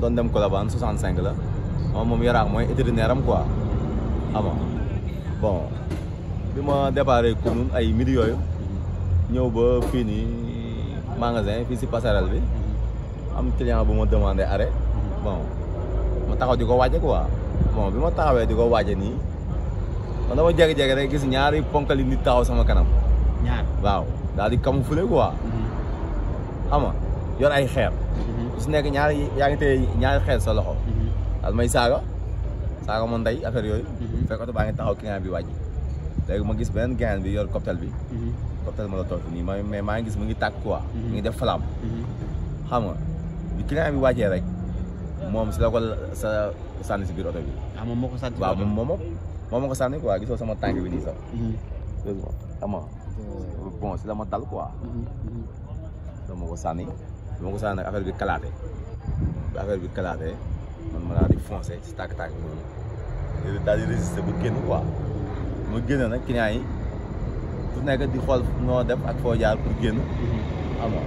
doon dem Colobane 65 la moom moom yaraax mooy itinéraire ah. am quoi ama bon bi ma déparé Kounoune ay midi ñëw ba fii nii magasin fii si passerelle bi am client bu ma demandé arrêt bon ma taxaw di ko waaje quoi bon bi ma taxawee di ko waaje nii man dama jege-jege rek gis ñaari ponkali taxaw sama kanam waaw daal di camoufler quoi xam mm-hmm. yor ay xeer. bu mhm. si nekk ñaari yaa ngi téye ñaari xeer sa loxo. Mhm. daal may saaga saaga moom ndey affaire yooyu. Mhm. fekk oto baa ngi taxaw client bi wàññi. léegi ma gis beneen gàncax bi yor cocktail bi. cocktail ma la toog nii ma mais maa ngi gis mu ngi tàkk quoi. mu ngi def flamme. xam nga bi client bi wàccee rek moom si la sa sànni si biir oto bi. ah moom moo ko sànni waaw moom moom moom moo ko sànni quoi gisoo sama tànk bi nii sax. dégg oh. si la ma dal quoi. dama ko sànni. bi ma ko saan nag affaire bi kalaate bi affaire bi kalaatee man ma daal di foncé si tàkk-tàkk noonu daal di résister ba génn quoi ma génn nag client yi ku nekk di xool noo def ak foo jaar pour génn xam nga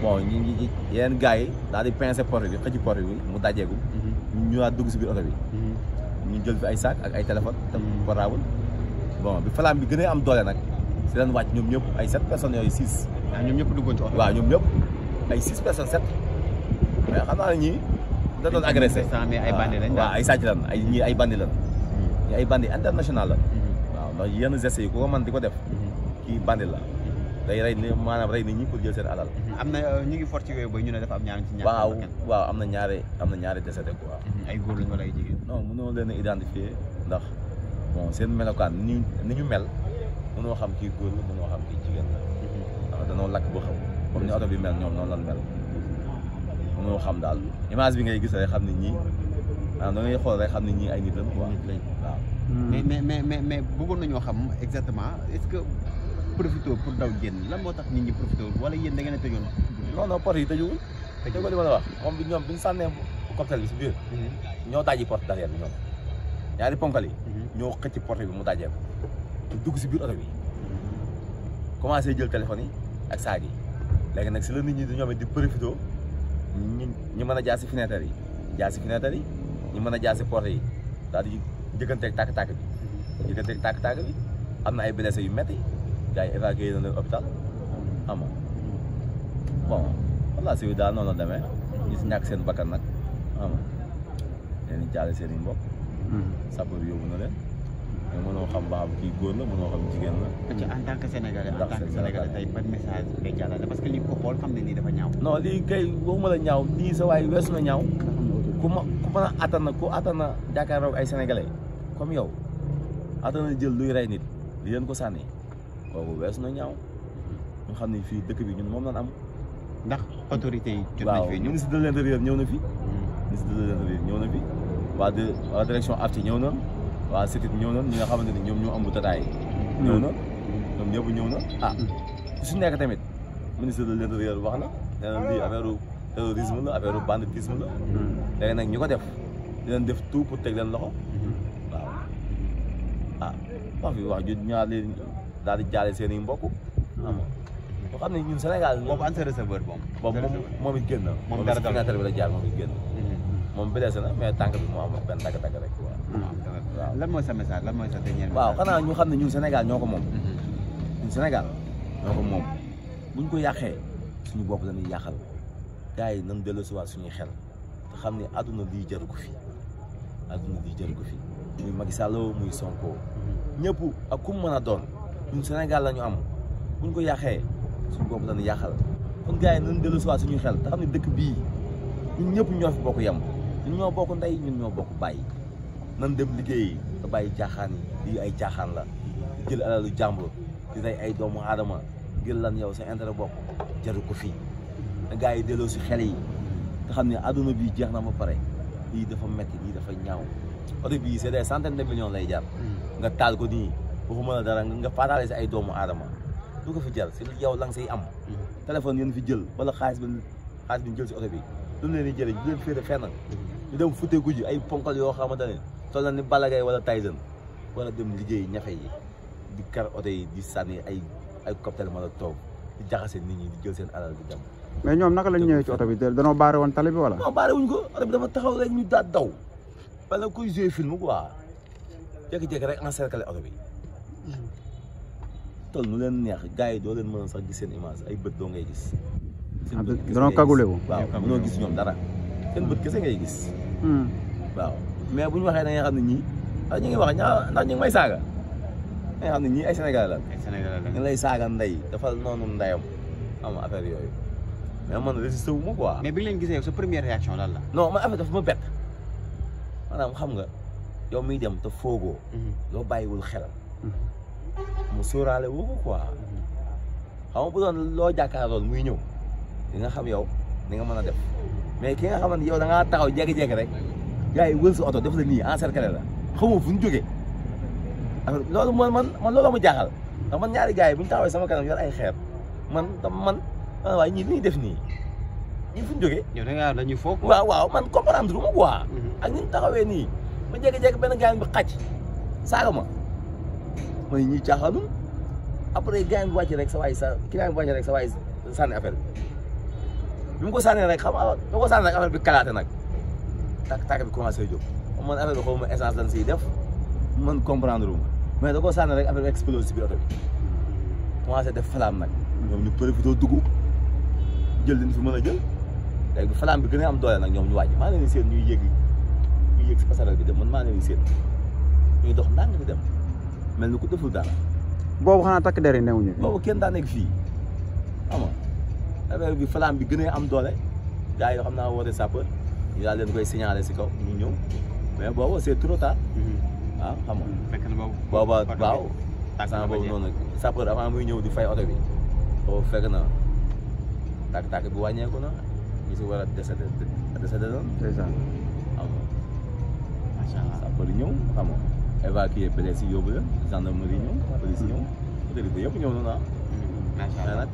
bon ñu ci yeneen yi daal di pincé porte bi xëcc porte bi mu dajeegu mhm. ñu daal dugg si biir oto bi mhm. ñu jël fi ay sac ak ay te tam mhm. portable bon bi falaam bi gën a am doole nag si leen wàcc ñoom ñëpp ay sept personnes yooyu six. waaw ah, ñoom ñëpp duggoon ci oto waaw ñoom ñëpp ay six personnes sept mais xam naa ne ñii da doon agressé ay bandi lañ waaw ay sàcc lan ay ñii ay bandi lan ñii hmm. ay bandi international la hmm. waaw ndax yenn gestes yi ko mën di ko def hmm. kii bandi la day rey ni maanaam rey nit ñi pour jël seen alal am na euh, ñi ngi fort ci yooyu ba ñu ne dafa am ñaar ci ñaar waaw waaw am na ñaari am na ñaari décédé quoi ay góor lañ wala ay jigéen non leen a ndax bon seen melokaan ni ñu ni ñu mel mënoo xam kii góor la mënoo xam kii jigéen la danoo lakk boo xam comme ni oto bi mel ñoom noonu mel mënoo xam daal image bi ngay gis rek xam ne ñii maanaam da ngay xool xam ne ñii ay nit lañ quoi waaw. Hmm. mais mais mais mais bëggoon nañoo xam exactement est-ce que profité pour daw génn lan moo tax nit ñi profité wala yéen da ngeen a tëjoon. non non porte yi tëjuwul. tëjuwul déggoo li ma la wax moom bi ñoom bi ñu sànnee cocktail bi si hmm. ñoo dajji porte derrière bi ñoom. ñaari ponkal yi. Hmm. ñoo xëcc porte bi mu dajee ko. dugg si biir oto bi. commencé jël téléphone yi ak yi. léegi nag si la ñi di ñoom it di profité ñi ñi mën a jaar si fenêtre yi jaar si fenêtre yi ñi mën a jaar si porte yi daal di njëkkanteeg tàkk-tàkk bi njëkkanteeg tàkk-tàkk bi am na ay blessés yu métti gars yi évacué na leen hôpital xam nga bon voilà si daal noonu la demee ñu si ñàkk seen bakkan nag xam nga leen jaale seen i mbokk hmm. sapeur yóbbu na leen mais mënoo xam ba am kii góor la mënoo xam jigéen la. en tant que sénégalais en tant que sénégalais tey ban message parce que li ko xool xam ne nii dafa ñaaw. non lii kay waxuma la ñaaw lii sa waay weesu na ñaaw. ku ma ku mën a attan na ku attan na jàkkaarloog ay sénégalais comme yow attan jël luy rey nit di leen ko sànni kooku weesu na ñaaw ñu xam ne fii dëkk bi ñun moom lañ am. ndax autorités yi. jot nañ fi ñëw waaw ministre ñëw na fii hmm. ministre ñëw na fi. waa de waa direction AFTI ñëw na. waa Sétit ñëw na ñi nga xamante ni ñoom ñoo am bu tataay mm-hmm. ñëw na mm-hmm. ñoom ñëpp ñëw na ah mm-hmm. su nekk tamit ministre de l'intérieur wax na nee lii ah. affaire terrorisme la affaire ah. banditisme la léegi na ñu ko def di leen def tout pour teg leen loxo waaw ah wax bi wax ju ñaar leen daal di jaale seen i mbokk boo xam ne ñun Sénégal moom an sa receveur moom boobu moom moom it génn moom dara dara bi la jaar na mais tànk bi moo am benn tànk-tànk rek lan mooy sa message lan mooy sa dernier message. waaw xanaa ñu xam ne ñun Sénégal ñoo ko moom. Mhm. ñun Sénégal ñoo ko moom buñ ko yàqee suñu bopp dañuy yàqal gars yi nañ delloosiwaat suñuy xel te xam ne àdduna lii jaru ko fi àdduna lii ko fi muy Macky Sall muy Sonko. Mhm. ñëpp ak ku mu mën a doon ñun Sénégal la ñu am buñ ko yàqee suñu bopp dañuy yàqal kon gars yi nañ delloosiwaat suñuy xel te xam dëkk bii ñun ñëpp ñoo fi bokk yem ñun ñoo bokk ndey ñun ñoo bokk bàyyi. nan dem liggéeyi nga bàyyi caaxaan yi lii ay caaxaan la jël alalu jàmbur di rey ay doomu aadama ngir lan yow sa intérêt bopp jaru ko fi na gars yi delloo si xel yi te xam ne adduna bi jeex na ba pare lii dafa metti lii dafa ñaaw oto bi c'est des centaines de millions lay jar hmm. nga taal ko nii waxuma la dara nga faataale si ay doomu aadama lu ko fi jar si yow lang say am hmm. téléphone yéen fi jël wala xaalis bi xaalis jël si oto bi lu mu leen di jëlee féete fenn hmm. ñu dem ji ay ponkal yoo xamante ne toll na ni Balla Gaye wala Tyson wala dem liggéey ñafe yi di kar oto di sànni ay ay cocktail toog di jaxase nit ñi di jël seen alal bi dem. mais ñoom naka lañ ñëwee ci oto bi danoo baare woon tali bi wala. non baare ko oto dafa taxaw rek ñu daat daw. bala koy jouer film quoi jékki-jékki rek encercler oto bi. toll nu leen neex gars yi doo leen mën sax gis seen image ay bët doo ngay gis. seen ah, bët kese ngay gis danoo kagule ko. waaw ñoom dara seen bët kese ngay gis. Hmm. waaw. mais bu ñu waxee da nga xam ne ñii ah ñu ngi wax ñaa ndax ñu xam ne ñii ay Sénégal la. ay Sénégal la ñu lay saaga ndey dafa noonu ndeyam am affaire yooyu mais man résisté wu ma quoi. mais bi leen gisee sa première réaction lan la. non man affaire dafa ma bett xam nga yow miy dem te foogoo. Mhm. bàyyiwul xelam. Mhm. mu sóoraale woo ko quoi. Mhm. loo jàkkaarlool muy ñëw di nga xam yow ni nga mën a def mais ki nga xamante yow da ngaa taxaw jékki-jékki rek. gars yi wël sa oto def la nii encerclé la xamoo fu ñu jógee loolu man man man looloo ma jaaxal ndax man ñaari gars yi bu ñu taxawee sama kanam yor ay xeer man tam man waa ñii nii def nii ñii fu ñu jógee. yow dañuy foog. waaw waaw man comprendre lu ma quoi. ak ni ñu nii ma jékki-jékki benn gars bi xàcc saaga ma man ñii caaxaanu après gars bi wàcc rek sa waay sa client bi wàcc rek sa waay sànni affaire bi bi mu ko sànnee rek xam nga ko sànni bi kalaate nag. tàkk tàkk bi commencé jóg man affaire bi xaw essence lan siy def man comprendre uma mais da koo sànni rek affaire bi explose si biir oto bi commencé def flamme nag ñoom ñu profité dugg jël liñ fi man a jël léegi flamme bi gën a am doole nag ñoom ñu wàcc maa leen di seen ñuy yëg ñuy yëg si passerelle bi dem man maa leen di seen ñuy dox ndànk bi dem mel ni ku deful daal boobu xanaa takk der yi newuñu boobu kenn daa nekk fii ama affaire bi flamme bi gën a am doole gars yoo xam naa woote sapeur ñu daal leen koy signaler si kaw ñu ñëw mais boobu c'est trop tard. waaw xam nga. fekk na boobu booba waaw. tàkk na boobu noonu muy ñëw di fay oto bi. boobu fekk na tàkk-tàkk bi wàññeeku na ñu si war a décédé décédé doon. macha allah sapeur ñëw xam nga évacuer blessé yi yóbbu la gendarmerie ñëw police ñëw autorité yëpp ñëw na ah. macha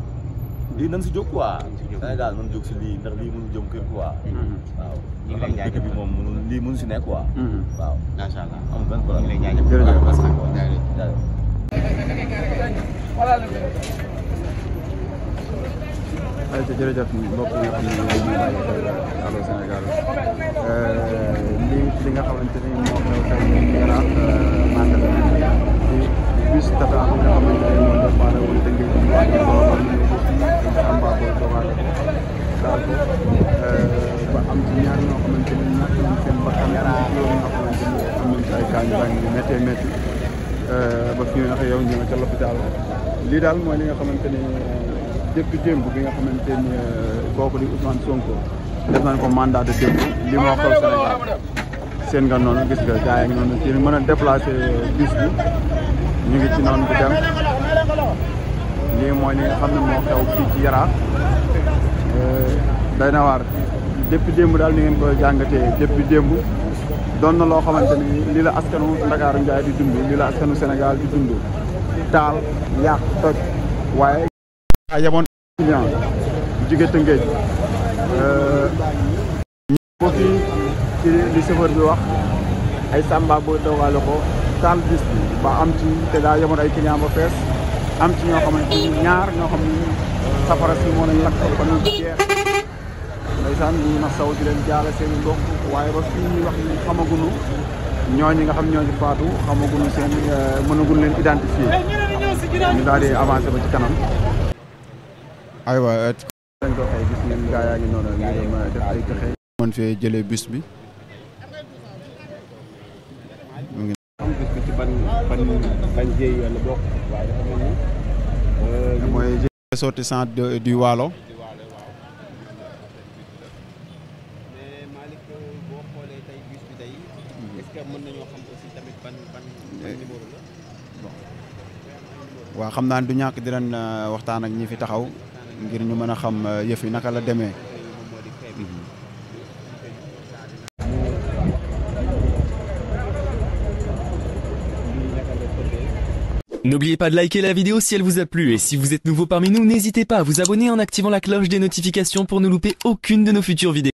lii nan si jóg quoi Sénégal nan jóg si lii ndax lii mënu jëm kër quoi mm-hmm. bi moom mënu lii mënu si nekk quoi mm-hmm. waaw macha allah am benn problème ñu ngi lay jaajëf jërëjëf jaajëf ayca jërëjëf mbokk yi euh, nga xam taal ko euh, ba am ci ñaar ñoo xamante ni ñàkk nañ seen bakkan am ci loolu ñoo xamante ni am nañ ci ay gaañu gaañu yu euh, ba fi ñu waxee yow ñu nga ca l'hôpital lii daal li nga xamante ni depuis démb bi nga ni euh, kooku di Ousmane ko mandat de li moo xew Sénégal seen gis mën a déplacé bis ngi ci noonu di dem mooy li nga xam ne moo xew fii ci Yaraax Euh, day na waar démb daal ni ngeen ko jàngatee depuis démb doon na loo xamante ni lii la askanu Ndakaaru Njaay di dund lii la askanu Sénégal di dund taal yàq toj waaye a yamoon client jóge Tëngéej euh, ko fii ci li chauffeur bi wax ay sàmba boo dawale ko taal bis bi ba am ci te daa yamoon ay client ba fees am ci ñoo xamante ñaar ñoo xam safara si moo nañ lakk ba ñu jeex ndeysaan ñu na saw di leen jaale seen i mbokk waaye ba fii ñuy wax ni xamaguñu ñooñu nga xam ñooñu faatu xamaguñu seen eh, mënaguñu leen identifier ñu daal di ba ci kanam. aywa. dañ ko xëy gis ngeen gaa yaa ngi noonu ñu dem def ay pexe. mën fee jëlee bus bi. am bus bi ci ban ban ressortissant Waalo waaw xam naa du ñàkk dinañ euh, waxtaan ak ñi fi taxaw ngir ñu mën a xam euh, yëf yi naka la demee N'oubliez pas de liker la vidéo si elle vous a plu et si vous êtes nouveau parmi nous, n'hésitez pas à vous abonner en activant la cloche des notifications pour ne louper aucune de nos futures vidéos.